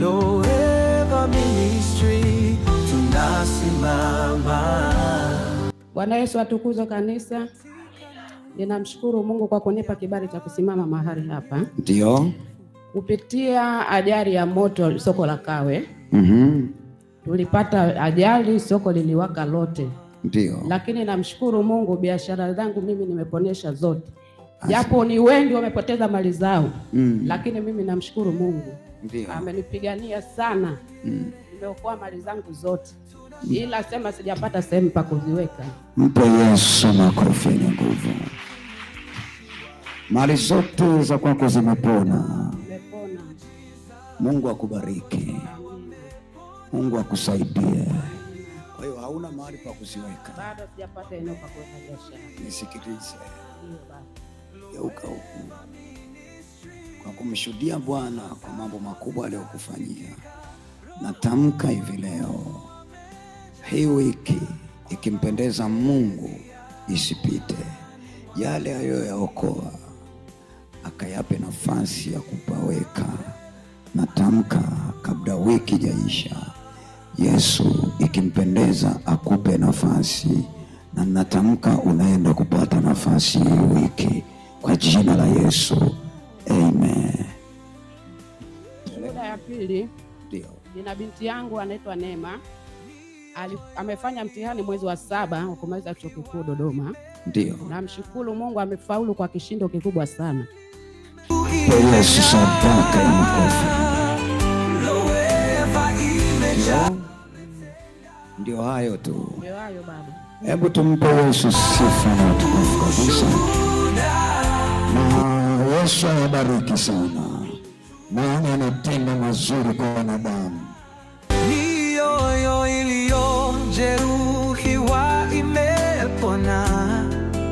Loeva Ministry tunasimama. Bwana Yesu atukuzwe kanisa. Ninamshukuru Mungu kwa kunipa kibali cha kusimama mahali hapa. Ndio. Kupitia ajali ya moto soko la Kawe. mm -hmm. Tulipata ajali, soko liliwaka lote. Ndio. Lakini namshukuru Mungu, biashara zangu mimi nimeponesha zote, japo ni wengi wamepoteza mali zao. mm. Lakini mimi namshukuru Mungu amenipigania sana mm. Nimeokoa mali zangu zote mm. Ila sema sijapata sehemu pa kuziweka. Mpe Yesu makofi yenye nguvu. Mali zote za kwako zimepona. Zimepona. Mungu akubariki, Mungu akusaidie. Kwa hiyo hauna mahali pa kuziweka. Bado sijapata eneo pa kuweka biashara. Nisikilize, geuka huku kumshuhudia Bwana kwa mambo makubwa aliyokufanyia. Natamka hivi leo, hii wiki ikimpendeza Mungu isipite. Yale aliyoyaokoa akayape nafasi ya kupaweka. Natamka kabla wiki jaisha, Yesu ikimpendeza akupe nafasi, na natamka unaenda kupata nafasi hii wiki kwa jina la Yesu, amen ya pili ndio, nina binti yangu anaitwa Neema ali, amefanya mtihani mwezi wa saba wa kumaliza chuo kikuu Dodoma. Ndio, namshukuru Mungu amefaulu kwa kishindo kikubwa sana. Ndio hayo tu, ndio hayo baba. Hebu tumpe Yesu sifa na utukufu kabisa, na Yesu awabariki sana maana anatenda mazuri kwa wanadamu.